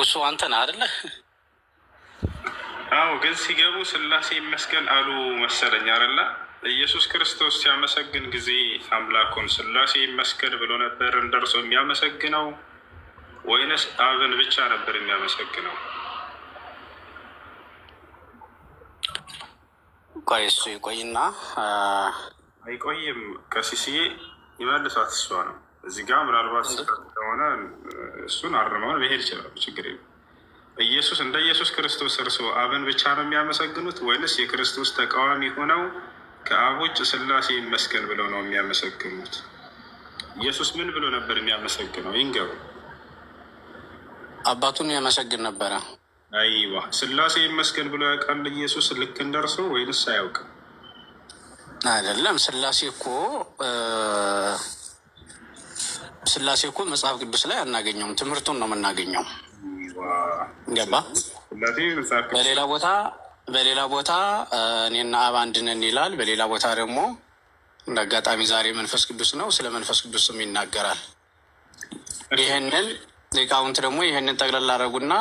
እሱ አንተ ነህ አይደለ? አዎ። ግን ሲገቡ ስላሴ ይመስገን አሉ መሰለኝ አይደለ? ኢየሱስ ክርስቶስ ሲያመሰግን ጊዜ አምላኩን ስላሴ ይመስገን ብሎ ነበር እንደርሶ የሚያመሰግነው ወይንስ አብን ብቻ ነበር የሚያመሰግነው? ቆይ እሱ ይቆይና አይቆይም። ከሲስዬ ይመልሷት እሷ ነው እዚህ ጋር ምናልባት ስህተት እሱን አርመውን መሄድ ይችላሉ። ችግር የለም። ኢየሱስ እንደ ኢየሱስ ክርስቶስ እርሶ አብን ብቻ ነው የሚያመሰግኑት ወይንስ የክርስቶስ ተቃዋሚ ሆነው ከአብ ውጭ ስላሴ ይመስገን ብለው ነው የሚያመሰግኑት? ኢየሱስ ምን ብሎ ነበር የሚያመሰግነው? ይንገሩ። አባቱን ያመሰግን ነበረ። አይዋ ስላሴ ይመስገን ብሎ ያውቃል ኢየሱስ ልክ እንደርሶ ወይንስ አያውቅም? አይደለም። ስላሴ እኮ ስላሴ እኮ መጽሐፍ ቅዱስ ላይ አናገኘውም፣ ትምህርቱን ነው የምናገኘው። ገባ በሌላ ቦታ በሌላ ቦታ እኔና አብ አንድ ነን ይላል። በሌላ ቦታ ደግሞ እንደ አጋጣሚ ዛሬ መንፈስ ቅዱስ ነው፣ ስለ መንፈስ ቅዱስም ይናገራል። ይህንን ሊቃውንት ደግሞ ይህንን ጠቅለል አረጉና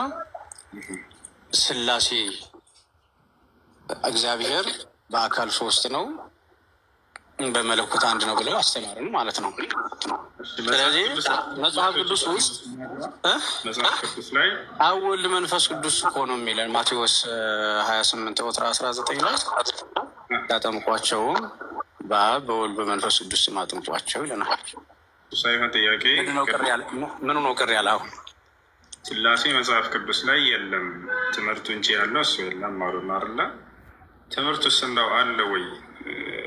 ስላሴ እግዚአብሔር በአካል ሶስት ነው በመለኮት አንድ ነው ብለው አስተማርን ማለት ነው። ስለዚህ መጽሐፍ ቅዱስ ውስጥ አብ ወልድ መንፈስ ቅዱስ እኮ ነው የሚለን ማቴዎስ ሀያ ስምንት ቁጥር አስራ ዘጠኝ ላይ ያጠምቋቸውም በአብ በወልድ በመንፈስ ቅዱስ ማጥምቋቸው ይለናል። ሳይሆን ጥያቄ ምኑ ነው ቅር ያለ? አሁን ስላሴ መጽሐፍ ቅዱስ ላይ የለም ትምህርቱ እንጂ ያለው እሱ የለም አሉ። ትምህርት ውስጥ እንዳው አለ ወይ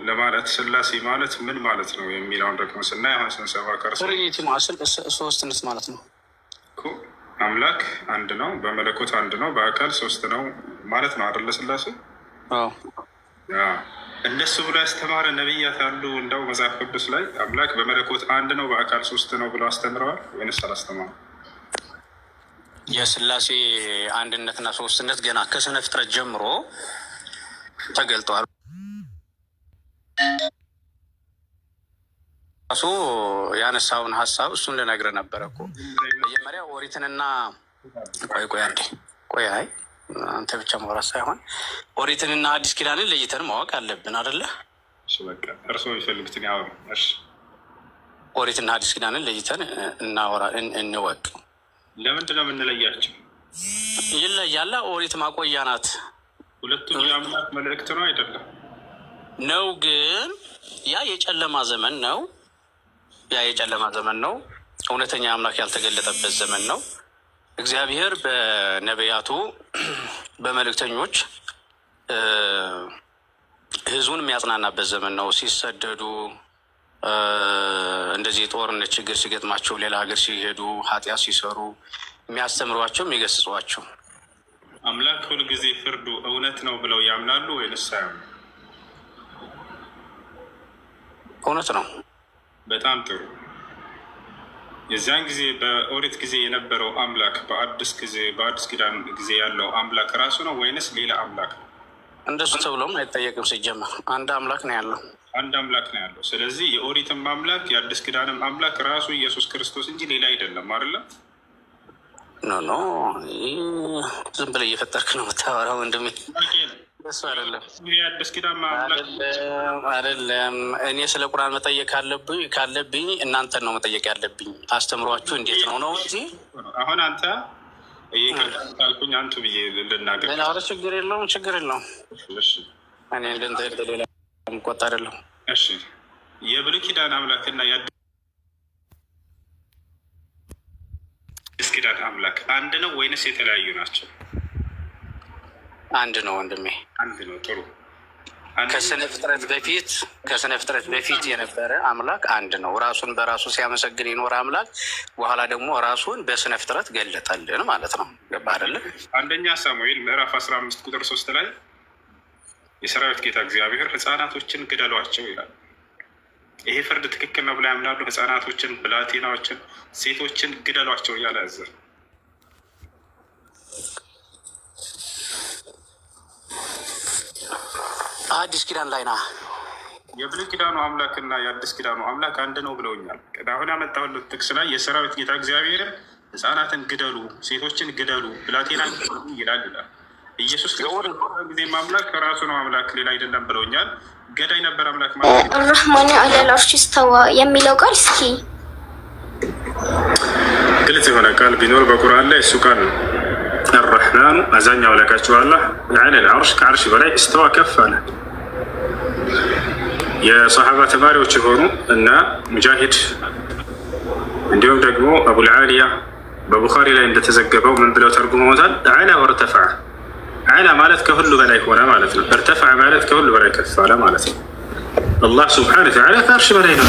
ለማለት ስላሴ ማለት ምን ማለት ነው የሚለውን ደግሞ ስናይ አሁን ስንሰባ ከርሶሪቲ ሶስትነት ማለት ነው። አምላክ አንድ ነው፣ በመለኮት አንድ ነው፣ በአካል ሶስት ነው ማለት ነው አደለ ስላሴ እንደሱ ብሎ ያስተማረ ነቢያት አሉ። እንደው መጽሐፍ ቅዱስ ላይ አምላክ በመለኮት አንድ ነው፣ በአካል ሶስት ነው ብሎ አስተምረዋል ወይንስ አላስተማሩ? የስላሴ አንድነትና ሶስትነት ገና ከስነ ፍጥረት ጀምሮ ተገልጠዋል። እሱ ያነሳውን ሀሳብ እሱን ልነግር ነበረ እኮ መጀመሪያ ኦሪትንና ቆይ ቆይ አንዴ ቆይ አይ አንተ ብቻ ማውራት ሳይሆን ኦሪትንና አዲስ ኪዳንን ለይተን ማወቅ አለብን አደለ? እርስ የሚፈልጉትን ያወሩ ኦሪትና አዲስ ኪዳንን ለይተን እናወራ እንወቅ። ለምንድን ነው የምንለያቸው? ይለያላ ኦሪት ማቆያ ናት። ሁለቱም የአምላክ መልእክት ነው አይደለም ነው። ግን ያ የጨለማ ዘመን ነው። ያ የጨለማ ዘመን ነው። እውነተኛ አምላክ ያልተገለጠበት ዘመን ነው። እግዚአብሔር በነቢያቱ በመልእክተኞች ህዝቡን የሚያጽናናበት ዘመን ነው። ሲሰደዱ እንደዚህ ጦርነት ችግር ሲገጥማቸው ሌላ ሀገር ሲሄዱ ኃጢአት ሲሰሩ የሚያስተምሯቸው የሚገስጿቸው አምላክ ሁልጊዜ ፍርዱ እውነት ነው ብለው ያምናሉ ወይንስ እውነት ነው። በጣም ጥሩ። የዚያን ጊዜ በኦሪት ጊዜ የነበረው አምላክ በአዲስ ጊዜ በአዲስ ኪዳን ጊዜ ያለው አምላክ ራሱ ነው ወይንስ ሌላ አምላክ ነው? እንደሱ ተብሎም አይጠየቅም። ሲጀመር አንድ አምላክ ነው ያለው አንድ አምላክ ነው ያለው። ስለዚህ የኦሪትም አምላክ የአዲስ ኪዳንም አምላክ ራሱ ኢየሱስ ክርስቶስ እንጂ ሌላ አይደለም አይደለ? ኖ ኖ፣ ዝም ብለህ እየፈጠርክ ነው የምታወራው ወንድሜ። እሱ አይደለም እኔ ስለ ቁርአን መጠየቅ አለብኝ ካለብኝ እናንተን ነው መጠየቅ ያለብኝ። አስተምሯችሁ እንዴት ነው ነው እንጂ አሁን አንተ ካልኩኝ አንቱ ብዬ ልናገር ችግር የለውም ችግር የለውም። እኔ እንደሌላ ቆጣ አይደለሁም። እሺ የብሉይ ኪዳን አምላክና የአዲስ ኪዳን አምላክ አንድ ነው ወይንስ የተለያዩ ናቸው? አንድ ነው ወንድሜ፣ አንድ ነው። ጥሩ ከስነ ፍጥረት በፊት ከስነ ፍጥረት በፊት የነበረ አምላክ አንድ ነው። ራሱን በራሱ ሲያመሰግን የኖረ አምላክ በኋላ ደግሞ ራሱን በስነ ፍጥረት ገለጠልን ማለት ነው። ገባ አይደለ? አንደኛ ሳሙኤል ምዕራፍ አስራ አምስት ቁጥር ሶስት ላይ የሰራዊት ጌታ እግዚአብሔር ህፃናቶችን ግደሏቸው ይላል። ይሄ ፍርድ ትክክል ነው ብላ ያምናሉ። ህፃናቶችን፣ ብላቴናዎችን፣ ሴቶችን ግደሏቸው እያለ ያዘ አዲስ ኪዳን ላይ ና የብሉይ ኪዳኑ አምላክና የአዲስ ኪዳኑ አምላክ አንድ ነው ብለውኛል። አሁን ያመጣሁለት ጥቅስ ላይ የሰራዊት ጌታ እግዚአብሔርን ህፃናትን ግደሉ፣ ሴቶችን ግደሉ፣ ብላቴና ይላል ይላል። ኢየሱስ ጊዜ አምላክ ራሱ ነው አምላክ ሌላ አይደለም ብለውኛል። ገዳይ ነበር አምላክ ማለት አራህማኒ አለል ስተዋ የሚለው ቃል እስኪ ግልጽ የሆነ ቃል ቢኖር በቁርአን ላይ እሱ ቃል ነው። አራህማኑ አዛኛው አምላካችሁ አላህ አለል አርሽ ከአርሽ በላይ እስተዋ ከፍ አለ የሰሃባ ተማሪዎች የሆኑ እና ሙጃሂድ እንዲሁም ደግሞ አቡልዓሊያ በቡኻሪ ላይ እንደተዘገበው ምን ብለው ተርጉመውታል? አላ ወርተፋ አላ ማለት ከሁሉ በላይ ሆነ ማለት ነው። እርተፋ ማለት ከሁሉ በላይ ከፍ አለ ማለት ነው። አላህ ስብሓነ ወተዓላ ከአርሽ በላይ ነው።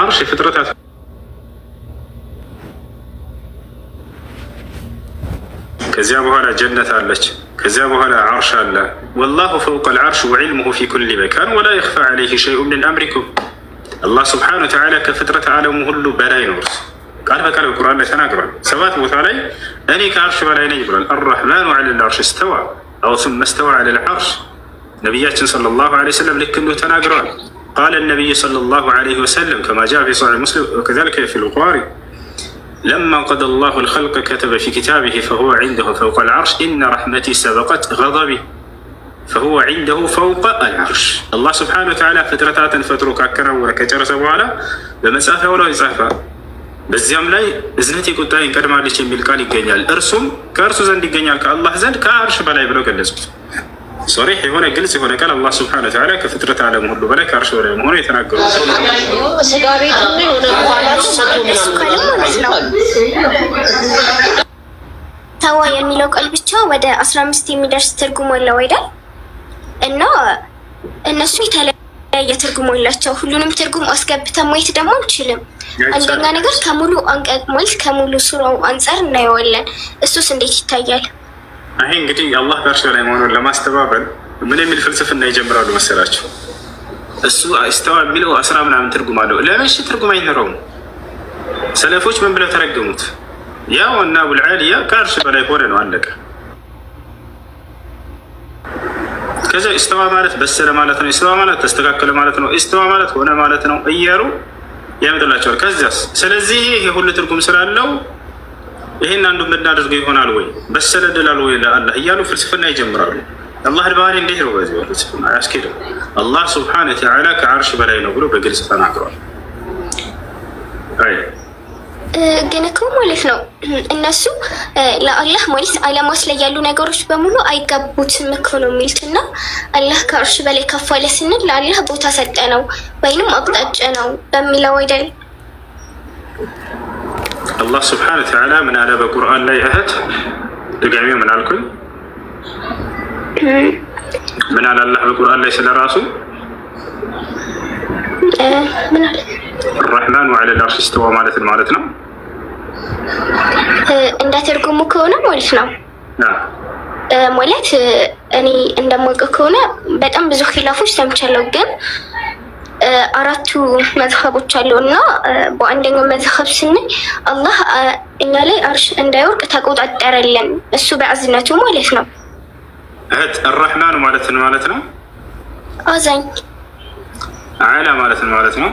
አርሽ የፍጥረታት ከዚያ በኋላ ጀነት አለች። كذاب على عرش الله والله فوق العرش وعلمه في كل مكان ولا يخفى عليه شيء من أمركم الله سبحانه وتعالى كفترة عالمه له بلاي نورس قال فقال القرآن لسنا قرآن سبات مثالي أني كعرش بلاي نجبر الرحمن على العرش استوى أو ثم استوى على العرش نبيات صلى الله عليه وسلم لك كله تناقران قال النبي صلى الله عليه وسلم كما جاء في صحيح مسلم وكذلك في القارئ لما قد الله الخلق كتب في كتابه فهو عنده فوق العرش إن رحمتي سبقت غضبي فهو عنده فوق العرش الله سبحانه وتعالى فترة فترة كاكرا وركترة وعلا بمسافة ولا يسافة بزيام لاي ازنتي كتاين كرما لشي ملقالي قنيال ارسم كارسو زند قنيال كالله زند كارش بلاي بلو قلزبت ሶሪሕ የሆነ ግልጽ የሆነ ቃል አላህ ስብሐነ ወተዓላ ከፍጥረት ዓለም ሁሉ በላይ ከአርሽ በላይ መሆኑ የተናገሩ ተዋ የሚለው ቃል ብቻ ወደ አስራ አምስት የሚደርስ ትርጉም አለው አይደል? እና እነሱ የተለያየ ትርጉም አላቸው። ሁሉንም ትርጉም አስገብተን ማየት ደግሞ አንችልም። አንደኛ ነገር ከሙሉ አንቀጽ ማለት ከሙሉ ሱራው አንጻር እናየዋለን። እሱስ እንዴት ይታያል? ይሄ እንግዲህ አላህ በእርሾ ላይ መሆኑን ለማስተባበል ምን የሚል ፍልስፍና ይጀምራሉ መሰላቸው? እሱ አስተዋ የሚለው አስራ ምናምን ትርጉም አለው። ለመቼ ትርጉም አይኖረውም። ሰለፎች ምን ብለው ተረገሙት? ያው እና ቡልዓሊያ ከእርሽ በላይ ሆነ ነው አለቀ። ከዚያ ኢስተዋ ማለት በሰለ ማለት ነው። ኢስተዋ ማለት ተስተካከለ ማለት ነው። ስተዋ ማለት ሆነ ማለት ነው እያሉ ያመጥላቸዋል ከዚያስ ስለዚህ ይሄ ሁሉ ትርጉም ስላለው ይህን አንዱ ምናደርገው ይሆናል ወይ በሰለ ወይ ለአላ እያሉ ፍልስፍና ይጀምራሉ። አላህ ድባሪ እንዲህ ነው። በዚህ ፍልስፍና አያስኬድም። አላህ ስብሓነ ወተዓላ ከአርሽ በላይ ነው ብሎ በግልጽ ተናግሯል። ግን እኮ ማለት ነው እነሱ ለአላህ ማለት አለማት ላይ ያሉ ነገሮች በሙሉ አይጋቡትም እኮ ነው የሚሉት እና አላህ ከአርሽ በላይ ከፍ አለ ስንል ለአላህ ቦታ ሰጠ ነው ወይንም አቅጣጫ ነው በሚለው አይደል الله سبحانه وتعالى من على القرآن لا يهت دقامي من على كل من على الله القرآن ليس لراسه الرحمن وعلى العرش استوى مالت المالتنا عند ترقمو كونا مولتنا نعم مولت اني عند مولك كونا بدأم بزو خلافوش تمشلو قب አራቱ መዝሀቦች አለው እና በአንደኛው መዝሀብ ስንል አላህ እኛ ላይ አርሽ እንዳይወርቅ ተቆጣጠረለን እሱ በአዝነቱ ማለት ነው። እህት አራህማኑ ማለት ነው ማለት ነው። አዛኝ አላ ማለት ነው ማለት ነው።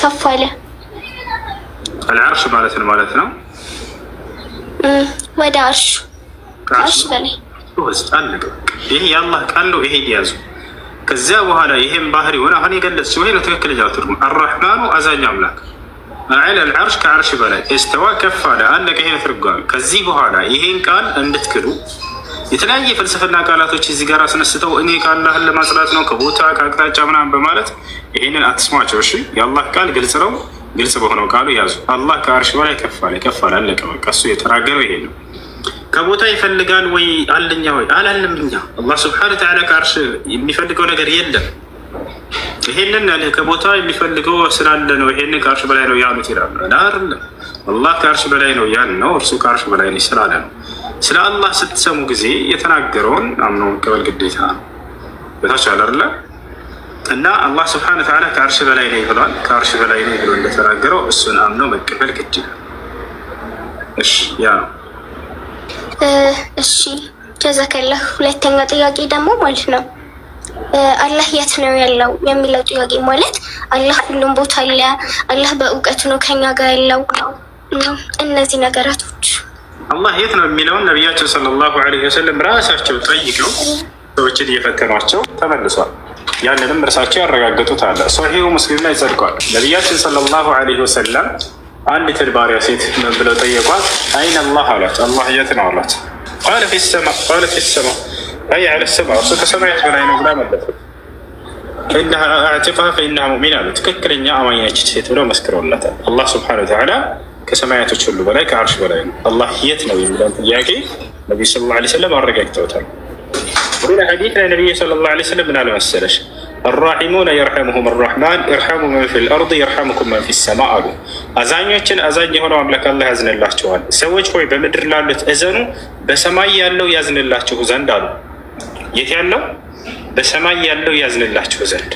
ከፍ አለ አልዓርሽ ማለት ነው ማለት ነው። ወደ አርሽ አርሽ በላይ ይህ የአላህ ቃል ነው። ይሄ ያዙ ከዚያ በኋላ ይሄን ባህሪ ሆነ አሁን የገለጽ ሲሆን ትክክለኛው ትርጉም አራሕማኑ አዛኝ አምላክ አለ አልዓርሽ ከዓርሽ በላይ እስተዋ ከፍ አለ አለቀ። ይሄ ትርጓሜ። ከዚህ በኋላ ይሄን ቃል እንድትክዱ የተለያየ ፍልስፍና ቃላቶች እዚህ ጋር አስነስተው እኔ ከአላህን ለማጽላት ነው ከቦታ ከአቅጣጫ ምናምን በማለት ይሄንን አትስማቸው። እሺ፣ የአላህ ቃል ግልጽ ነው። ግልጽ በሆነው ቃሉ ያዙ። አላህ ከዓርሽ በላይ ከፍ አለ፣ ከፍ አለ፣ አለቀ። በቃ እሱ የተናገረው ይሄ ነው። ከቦታ ይፈልጋል ወይ አለኛ ወይ አላለም። እኛ አላህ ስብሐነ ወተዓላ ከአርሽ የሚፈልገው ነገር የለም። ይሄንን ያለ ከቦታ የሚፈልገው ስላለ ነው። ይሄንን ከአርሽ በላይ ነው ያሉት ይላሉ። አይደለም አላህ ከአርሽ በላይ ነው ያን ነው እርሱ ከአርሽ በላይ ነው ስላለ ነው። ስለ አላህ ስትሰሙ ጊዜ የተናገረውን አምኖ መቀበል ግዴታ ነው። በታች አለ እና አላህ ስብሐነ ወተዓላ ከአርሽ በላይ ነው ብሏል። ከአርሽ በላይ ነው ብሎ እንደተናገረው እሱን አምኖ መቀበል ግድ ነው። እሺ ያ ነው እሺ ጀዛከላህ። ሁለተኛው ጥያቄ ደግሞ ማለት ነው አላህ የት ነው ያለው የሚለው ጥያቄ ማለት አላህ ሁሉም ቦታ አለ፣ አላህ በእውቀቱ ነው ከኛ ጋር ያለው። እነዚህ ነገራቶች አላህ የት ነው የሚለውን ነቢያችን ሰለላሁ ዐለይሂ ወሰለም ራሳቸው ጠይቀው ሰዎችን እየፈተኗቸው ተመልሷል። ያንንም እርሳቸው ያረጋገጡት አለ። ሶሒሁ ሙስሊም ላይ ጸድቋል። ነቢያችን ሰለላሁ ዐለይሂ ወሰለም አንዲት ባሪያ ሴት ምን ብለው ጠየቋት። አይን አላህ አሏት። አላህ የት ነው አሏት። ቃለ ፊ ሰማ ቃለ ፊ ሰማ አይ አለ ሰማ እሱ ከሰማያት በላይ ነው ብላ መለሰ። ኢነሃ አዕቲቃ ፈኢነሃ ሙእሚን አሉ። ትክክለኛ አማኝ ነች ሴት ብለው መስክረውላታል። አላህ ስብሓነሁ ወተዓላ ከሰማያቶች ሁሉ በላይ ከአርሽ በላይ ነው። አላህ የት ነው የሚለውን ጥያቄ ነቢዩ ሰለላሁ ዐለይሂ ወሰለም አረጋግጠውታል። ሌላ ሐዲት ላይ ነቢዩ ሰለላሁ ዐለይሂ ወሰለም ምን አለ መሰለሽ አራሒሙነ የርሐሙሁም አራሕማን እርሐሙ መን ፊል አርድ የርሐሙኩም መን ፊ ሰማ አሉ። አዛኞችን አዛኝ የሆነው አምላክ አላህ ያዝንላቸዋል። ሰዎች ሆይ በምድር ላሉት እዘኑ፣ በሰማይ ያለው ያዝንላችሁ ዘንድ አሉ። የት ያለው? በሰማይ ያለው ያዝንላችሁ ዘንድ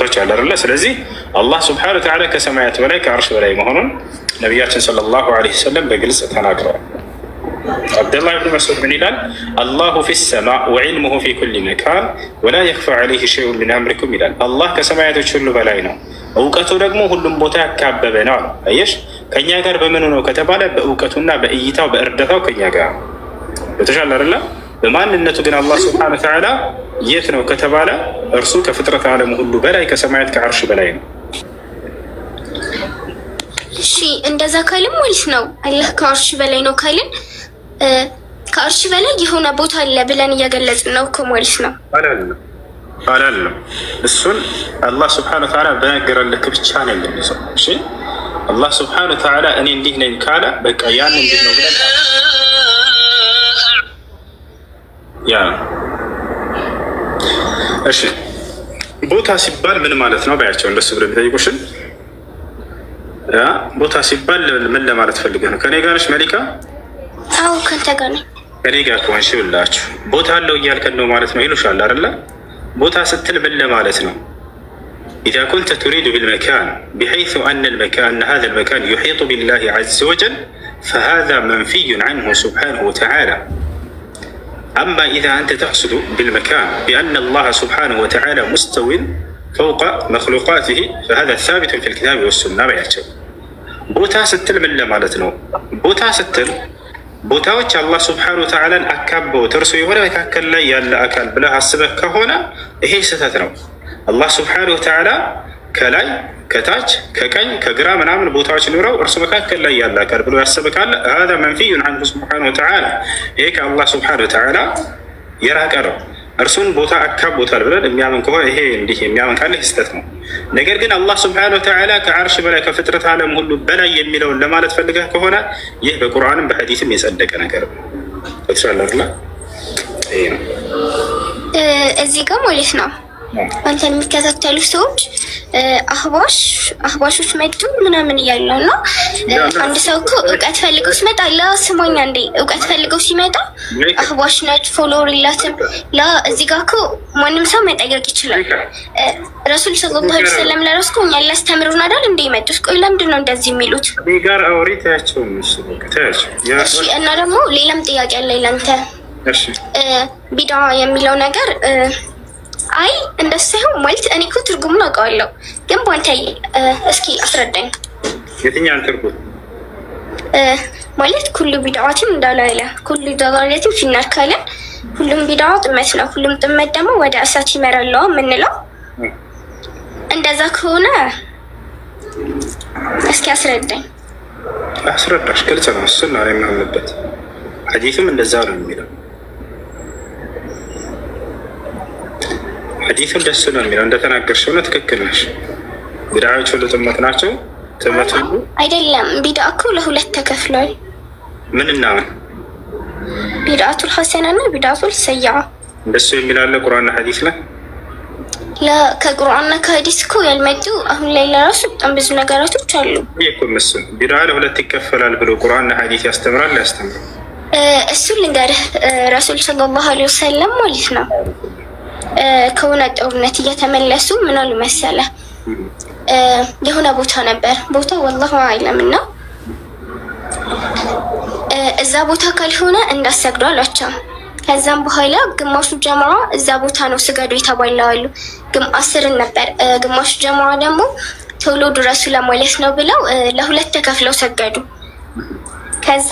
ቶች ያለርለ። ስለዚህ አላህ ስብሐነሁ ወተዓላ ከሰማያት በላይ ከአርሽ በላይ መሆኑን ነቢያችን ሰለላሁ ዐለይሂ ወሰለም በግልጽ ተናግረዋል። አብደላህ ብን መስዑድ ምን ይላል? አላሁ ፊ ሰማ ወዕልሙሁ ፊ ኩሊ መካን ወላ የክፋ ዓለይህ ሸይኡን ሚን አምሪኩም ይላል። አላህ ከሰማያቶች ሁሉ በላይ ነው፣ እውቀቱ ደግሞ ሁሉም ቦታ ያካበበ ነው አሉ። አየሽ፣ ከእኛ ጋር በምኑ ነው ከተባለ በእውቀቱና በእይታው በእርዳታው ከኛ ጋር በተሻለ አደለ። በማንነቱ ግን አላህ ስብሐነ ወተዓላ የት ነው ከተባለ እርሱ ከፍጥረት ዓለሙ ሁሉ በላይ ከሰማያት ከዓርሽ በላይ ነው። እሺ እንደዛ ካልን ማለት ነው አላህ ከዓርሽ በላይ ነው ካልን ከአርሺ በላይ የሆነ ቦታ አለ ብለን እየገለጽ ነው እኮ ማለት ነው። አላለም። እሱን አላህ ስብሐነሁ ወተዓላ በነገረን ልክ ብቻ ነው የምንይዘው። እሺ አላህ ስብሐነሁ ወተዓላ እኔ እንዲህ ነኝ ካለ በቃ ያን እንዲህ ነው ብለን ያ እሺ ቦታ ሲባል ምን ማለት ነው ባያቸው እንደሱ ብሎ የሚጠይቁሽን ቦታ ሲባል ምን ለማለት ፈልገህ ነው? ከእኔ ጋር ነሽ መሊካ አዎ ከአንተ ጋር ነኝ። እኔ ጋር ከሆንሽ ይኸውላችሁ ቦታ አለው እያልከን ነው ማለት ነው ይሉሻል አይደለ? ቦታ ስትል ምን ለማለት ነው? ኢዛ ኩንተ ቱሪዱ ቢልመካን ቢሐይሱ አነ ልመካን ሃዛ ልመካን ዩሒጡ ቢላሂ ዐዘ ወጀል ፈሃዛ መንፊዩን ዐንሁ ሱብሓነሁ ወተዓላ أما إذا أنت تقصد بالمكان بأن الله سبحانه وتعالى مستو فوق مخلوقاته فهذا ثابت في الكتاب والسنة بيعتبر ቦታ ስትል ምን ለማለት ነው? ቦታ ስትል ቦታዎች አላህ ስብሓነ ወተዓላን አካበውት እርሱ የሆነ መካከል ላይ ያለ አካል ብለህ አስበህ ከሆነ ይሄ ስህተት ነው። አላህ ስብሓነ ወተዓላ ከላይ ከታች ከቀኝ ከግራ ምናምን ቦታዎች ኑረው እርሱ መካከል ላይ ያለ አካል ብሎ ያሰበ ካለ ሀዛ መንፊዩን አንሁ ስብሓነ ወተዓላ ይሄ ከአላህ ስብሓነ ወተዓላ የራቀ ነው። እርሱን ቦታ አካቦታል ብለን የሚያምን ከሆነ ይሄ እንዲህ የሚያመጣልህ ስህተት ነው። ነገር ግን አላህ ስብሐነሁ ወተዓላ ከዓርሽ በላይ ከፍጥረት ዓለም ሁሉ በላይ የሚለውን ለማለት ፈልገህ ከሆነ ይህ በቁርአንም በሐዲስም የጸደቀ ነገር ነው። እዚህ ጋር ማለት ነው አንተን የሚከታተሉ ሰዎች አህባሽ አህባሾች መጡ ምናምን እያሉ ነው። አንድ ሰው እኮ እውቀት ፈልገው ሲመጣ ላ ስሞኛ እንዴ እውቀት ፈልገው ሲመጣ አህባሽ ነች ፎሎወር የላትም ላ እዚህ ጋር እኮ ማንም ሰው መጠየቅ ይችላል። ረሱል ሰለላሁ ዐለይሂ ወሰለም ለራሱ እኮ እኛን ሊያስተምሩን አይደል እንደ የመጡት? ቆይ ለምንድን ነው እንደዚህ የሚሉት? እሺ እና ደግሞ ሌላም ጥያቄ አለ ለአንተ ቢዳ የሚለው ነገር እንደሱ ሳይሆን ማለት እኔ እኮ ትርጉሙን አውቀዋለሁ፣ ግን በአንታይ እስኪ አስረዳኝ። የትኛውን ትርጉም ማለት ኩሉ ቢድዓትም እንዳላለ ኩሉ ዳላለትም ፊናር ካለ ሁሉም ቢድዓ ጥመት ነው፣ ሁሉም ጥመት ደግሞ ወደ እሳት ይመራለዋ የምንለው እንደዛ ከሆነ እስኪ አስረዳኝ። አስረዳሽ ግልጽ ነው። እሱን ነው አለበት። ሐዲሱም እንደዛ ነው የሚለው ሐዲሱን ደስ ነው የሚለው እንደተናገርሽ ሆነ ትክክል ነሽ። ቢድዓዎች ሁሉ ጥመት ናቸው። ጥመት ሁሉ አይደለም። ቢድዓ እኮ ለሁለት ተከፍሏል። ምን እና ምን? ቢድዓቱል ሐሰና እና ቢድዓቱል ሰይዓ። እንደሱ የሚላለ ቁርአንና ሐዲስ ላይ ከቁርአንና ከሐዲስ እኮ ያልመጡ አሁን ላይ ለራሱ በጣም ብዙ ነገራቶች አሉ እኮ እነሱ ቢድዓ ለሁለት ይከፈላል ብሎ ቁርአንና ሐዲስ ያስተምራል ያስተምራል። እሱ ልንገርህ ረሱል ሰለላሁ ዐለይሂ ወሰለም ማለት ነው ከሆነ ጦርነት እየተመለሱ ምን አሉ መሰለ የሆነ ቦታ ነበር ቦታ ወላሁ አይለም ነው። እዛ ቦታ ካልሆነ እንዳሰግዱ አሏቸው። ከዛም በኋላ ግማሹ ጀምሮ እዛ ቦታ ነው ስገዱ የተባለዋሉ አስርን ነበር። ግማሹ ጀምሮ ደግሞ ቶሎ ድረሱ ለማለት ነው ብለው ለሁለት ተከፍለው ሰገዱ። ከዛ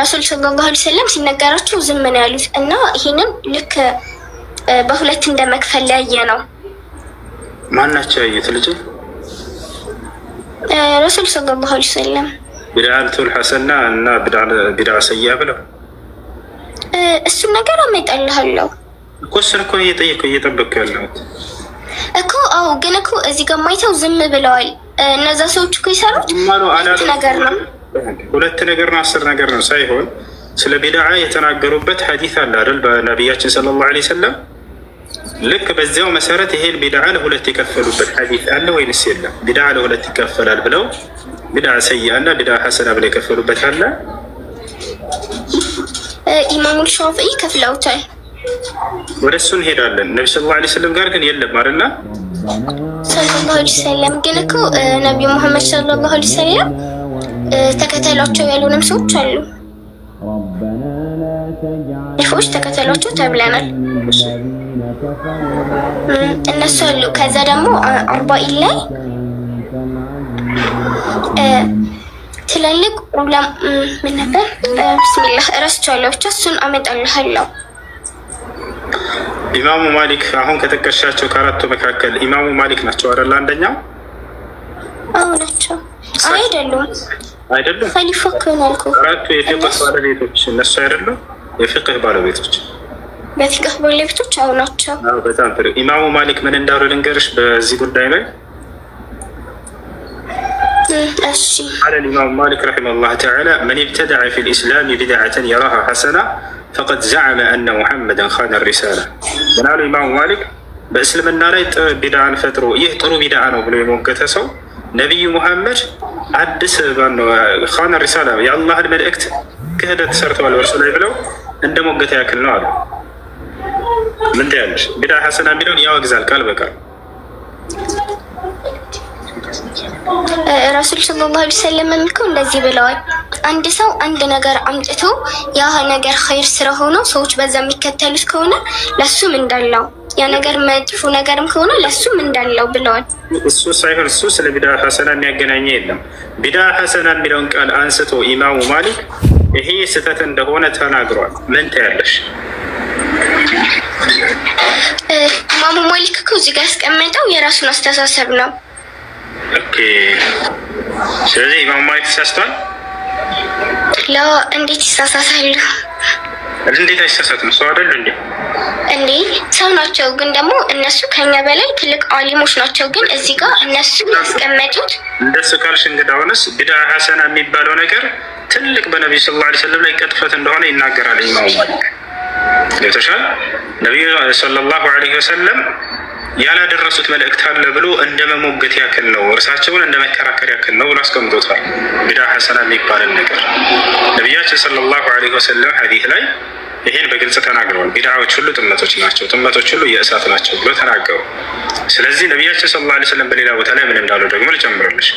ረሱል ሰለላሁ ዐለይሂ ወሰለም ሲነገራቸው ዝም ነው ያሉት እና ይህንን ልክ በሁለት እንደመክፈል መክፈል ለያየ ነው። ናቸው ያዩት ልጅ ረሱል ሰለላሁ ዐለይሂ ወሰለም ቢድዓቱል ሐሰና እና ቢድዓ ሰያ ብለው እሱን ነገር አመጣልሃለሁ እኮ እሱን እኮ እየጠየኩ እየጠበቅኩ ያለሁት እኮ አዎ። ግን እኮ እዚህ ጋር ማይተው ዝም ብለዋል። እነዛ ሰዎች እኮ የሰሩት ሁለት ነገር ነው ሁለት ነገር ነው አስር ነገር ነው ሳይሆን ስለ ቢድዓ የተናገሩበት ሐዲስ አለ አይደል? በነቢያችን ሰለላሁ ዐለይሂ ወሰለም ልክ በዚያው መሰረት ይሄን ቢድዓ ለሁለት የከፈሉበት ሐዲስ አለ ወይንስ የለም? ቢድዓ ለሁለት ይከፈላል ብለው ቢድዓ ሰይአ እና ቢድዓ ሐሰና ብለው የከፈሉበት አለ። ኢማሙል ሻፍዒ ከፍለውታል። ወደ እሱ እንሄዳለን። ነቢ ሰለላሁ ዐለይሂ ወሰለም ጋር ግን የለም አይደለ? ሰለላሁ ዐለይሂ ወሰለም ግን እኮ ነቢዩ ሙሐመድ ሰለላሁ ዐለይሂ ወሰለም ተከተሏቸው ያሉንም ሰዎች አሉ እፎች ተከተሏቸው ተብለናል። እነሱ አሉ። ከዛ ደግሞ አርባኢን ላይ ትላልቅ ኡላማ ምን ነበር? ብስሚላህ እረስቸዋለሁ። ብቻ እሱን አመጣልሃለሁ። ኢማሙ ማሊክ አሁን ከጠቀሻቸው ከአራቱ መካከል ኢማሙ ማሊክ ናቸው አይደል? አንደኛው አዎ ናቸው። አይደሉም አይደሉም። ከሊፋ ከሆነ አልኩህ አራቱ የፊቅህ ባለቤቶች እነሱ አይደሉም የፍቅህ ባለቤቶች በፊቅህ ባለቤቶች አሁ ናቸው። በጣም ጥሩ። ኢማሙ ማሊክ ምን እንዳሉ ልንገርሽ በዚህ ጉዳይ ላይ قال الإمام مالك رحمه الله تعالى من ابتدع في الإسلام بدعة يراها حسنة فقد زعم أن محمدا خان الرسالة من قال الإمام مالك በእስልምና ላይ ቢድዓን ፈጥሮ ይህ ጥሩ ቢድዓ ነው ብሎ የሞገተ ሰው ነቢዩ ሙሐመድ አዲስ ኻን ሪሳላ የአላህን መልእክት ክህደት ሰርተዋል በእርሱ ላይ ብለው እንደ ሞገተ ያክል ነው አሉ። ምን ትያለሽ? ቢዳ ሐሰና የሚለውን ያወግዛል ቃል በቃል ረሱል ሰለላሁ ዐለይሂ ወሰለም የሚልከው እንደዚህ ብለዋል። አንድ ሰው አንድ ነገር አምጥቶ ያ ነገር ኸይር ስራ ሰዎች በዛ የሚከተሉት ከሆነ ለሱም እንዳለው ያ ነገር መጥፎ ነገርም ከሆነ ለእሱም እንዳለው ብለዋል። እሱ ሳይሆን እሱ ስለ ቢዳ ሐሰና የሚያገናኘ የለም። ቢዳ ሐሰና የሚለውን ቃል አንስቶ ኢማሙ ማሊክ ይሄ ስህተት እንደሆነ ተናግሯል። ምን ታያለሽ? ኢማሙ ማሊክ እኮ እዚህ ጋር ያስቀመጠው የራሱን አስተሳሰብ ነው። ስለዚህ ኢማሙ ማሊክ ተሳስቷል። ለ እንዴት ይሳሳሳሉ? እንዴት አይሳሳትም? ሰው አይደል እንዴ? እንዴ ሰው ናቸው፣ ግን ደግሞ እነሱ ከኛ በላይ ትልቅ አሊሞች ናቸው። ግን እዚህ ጋር እነሱ ያስቀመጡት እንደሱ ካልሽ እንግዲህ አሁንስ ቢድዓ ሐሰና የሚባለው ነገር ትልቅ በነቢዩ ሰለላሁ ዐለይሂ ወሰለም ላይ ቅጥፈት እንደሆነ ይናገራል። ይማው ማለት ነብዩ ሰለላሁ ዐለይሂ ወሰለም ያላደረሱት መልእክት አለ ብሎ እንደ መሞገት ያክል ነው፣ እርሳቸውን እንደ መከራከር ያክል ነው ብሎ አስቀምጦታል። ቢዳ ሐሰና የሚባልን ነገር ነቢያችን ሰለላሁ ዐለይሂ ወሰለም ሐዲስ ላይ ይህን በግልጽ ተናግረዋል። ቢድዓዎች ሁሉ ጥመቶች ናቸው፣ ጥመቶች ሁሉ የእሳት ናቸው ብሎ ተናገሩ። ስለዚህ ነቢያችን ሰለላሁ ዐለይሂ ወሰለም በሌላ ቦታ ላይ ምን እንዳሉ ደግሞ ልጨምርልሽ።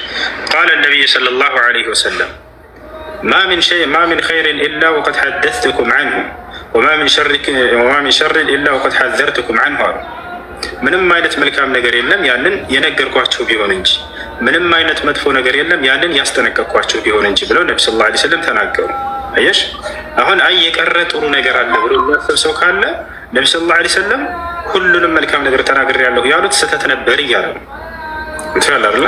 ቃለ ነቢይ ሰለላሁ ዐለይሂ ወሰለም ማ ምን ሸይ ማ ምን ኸይሪን ኢላ ወቀድ ሐደትኩም ዐንሁ ወማ ምን ሸሪን ኢላ ወቀድ ሐዘርትኩም ዐንሁ አሉ ምንም አይነት መልካም ነገር የለም ያንን የነገርኳቸው ቢሆን እንጂ ምንም አይነት መጥፎ ነገር የለም ያንን ያስጠነቀቅኳቸው ቢሆን እንጂ ብለው ነቢ ስለ ላ ስለም ተናገሩ። አየሽ አሁን አይ የቀረ ጥሩ ነገር አለ ብሎ የሚያስብ ሰው ካለ ነቢ ስለ ላ ስለም ሁሉንም መልካም ነገር ተናግሬያለሁ ያሉት ስህተት ነበር እያለ ትላል እንትላላ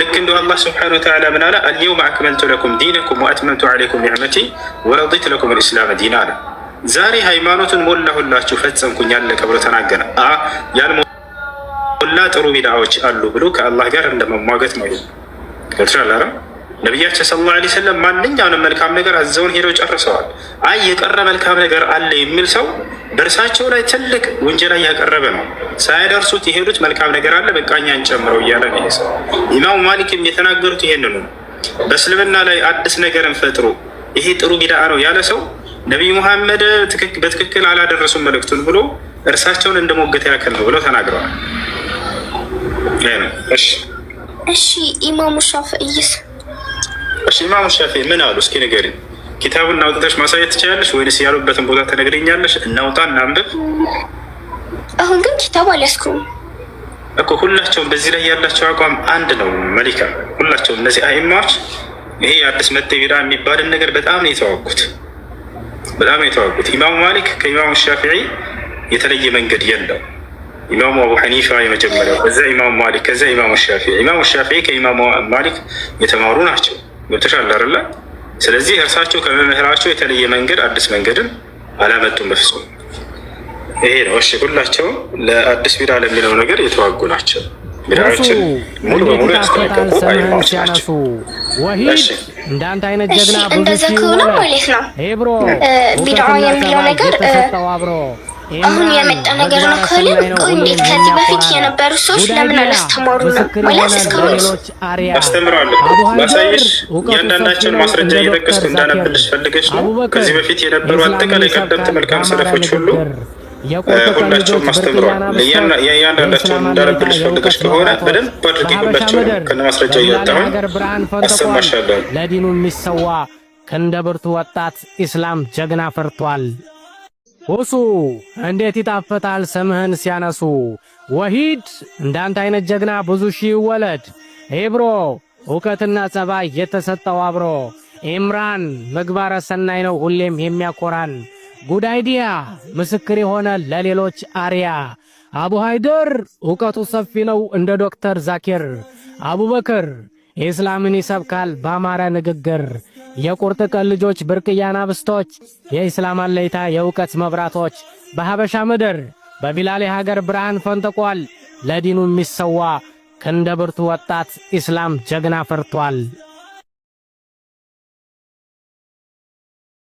ልክ እንደ አላህ ስብሓነ ወተዓላ ምን አለ? አልየውመ አክመልቱ ለኩም ዲነኩም ወአትመምቱ ዓለይኩም ኒዕመቲ ወረዲቱ ለኩም ልእስላም ዲና አለ ዛሬ ሃይማኖትን ሞላሁላችሁ ፈጸምኩኝ፣ አለቀ ብሎ ተናገረ። ያልሞላ ጥሩ ቢድዓዎች አሉ ብሎ ከአላህ ጋር እንደመሟገት ነው። ገብቶሻል? አረ ነቢያችን ሰለላሁ ዐለይሂ ወሰለም ማንኛውንም መልካም ነገር አዘውን ሄደው ጨርሰዋል። አይ የቀረ መልካም ነገር አለ የሚል ሰው በእርሳቸው ላይ ትልቅ ወንጀላ እያቀረበ ነው። ሳያደርሱት የሄዱት መልካም ነገር አለ በቃኛን ጨምረው እያለ ነው። ሰው ኢማሙ ማሊክም የተናገሩት ይሄንኑ በእስልምና ላይ አዲስ ነገርን ፈጥሮ ይሄ ጥሩ ቢድዓ ነው ያለ ሰው ነቢይ ሙሐመድ በትክክል አላደረሱም መልእክቱን ብሎ እርሳቸውን እንደ ሞገተ ያክል ነው ብለው ተናግረዋል። እሺ ኢማሙ ሻፍዒስ እሺ ኢማሙ ምን አሉ? እስኪ ንገሪ። ኪታቡን አውጥተሽ ማሳየት ትችላለች ወይንስ ያሉበትን ቦታ ተነግረኛለሽ? እናውጣ እናንብብ። አሁን ግን ኪታቡ አልያዝኩም እኮ። ሁላቸውም በዚህ ላይ ያላቸው አቋም አንድ ነው። መሊካ ሁላቸውም እነዚህ አይማዎች ይሄ አዲስ መጤ ቢራ የሚባልን ነገር በጣም ነው የተዋጉት። በጣም የተዋጉት። ኢማሙ ማሊክ ከኢማሙ ሻፊዒ የተለየ መንገድ የለው። ኢማሙ አቡ ሐኒፋ የመጀመሪያው፣ ከዛ ኢማሙ ማሊክ፣ ከዛ ኢማሙ ሻፊዒ። ኢማሙ ሻፊዒ ከኢማሙ ማሊክ የተማሩ ናቸው። ገብተሻል አይደለ? ስለዚህ እርሳቸው ከመምህራቸው የተለየ መንገድ አዲስ መንገድን አላመጡም በፍጹም። ይሄ ነው እሺ። ሁላቸውም ለአዲስ ቢዳ ለሚለው ነገር የተዋጉ ናቸው። ግራዎችን ሙሉ በሙሉ ወሂድ እንዳንተ አይነት ጀግና ብዙ ከሆነ ማለት ነው ቢድዓ የሚለው ነገር አሁን የመጣ ነገር ነው እንዴት ከዚህ በፊት የነበሩ ሰዎች ለምን እስካሁን ማሳየሽ እያንዳንዳቸውን ማስረጃ እየጠቀስኩ እንዳነብልሽ ፈልገሽ ነው። ከዚህ በፊት የነበሩ አጠቃላይ ቀደምት መልካም ሰለፎች ሁሉ ሁላችሁም አስተምረዋል። የእያንዳንዳቸውን እንዳረብልሽ ፈልገሽ ከሆነ በደንብ አድርጌ ሁላቸው ከነ ማስረጃ እያወጣሁኝ አሰማሻለሁ። ለዲኑ የሚሰዋ ከእንደ ብርቱ ወጣት ኢስላም ጀግና ፈርቷል። ሁሱ እንዴት ይጣፍጣል ስምህን ሲያነሱ። ወሂድ እንዳንተ አይነት ጀግና ብዙ ሺህ ይወለድ። ኤብሮ እውቀትና ጸባይ የተሰጠው አብሮ። ኢምራን ምግባረ ሰናይ ነው ሁሌም የሚያኮራን ጉድ አይዲያ ምስክር የሆነ ለሌሎች አርያ። አቡ ሃይደር እውቀቱ ሰፊ ነው እንደ ዶክተር ዛኪር። አቡበክር የእስላምን ይሰብካል በአማረ ንግግር። የቁርጥ ቀን ልጆች ብርቅያና ብስቶች የኢስላም አለይታ የእውቀት መብራቶች። በሐበሻ ምድር በቢላሌ ሀገር ብርሃን ፈንጥቋል። ለዲኑ የሚሰዋ ከእንደ ብርቱ ወጣት ኢስላም ጀግና ፈርቷል።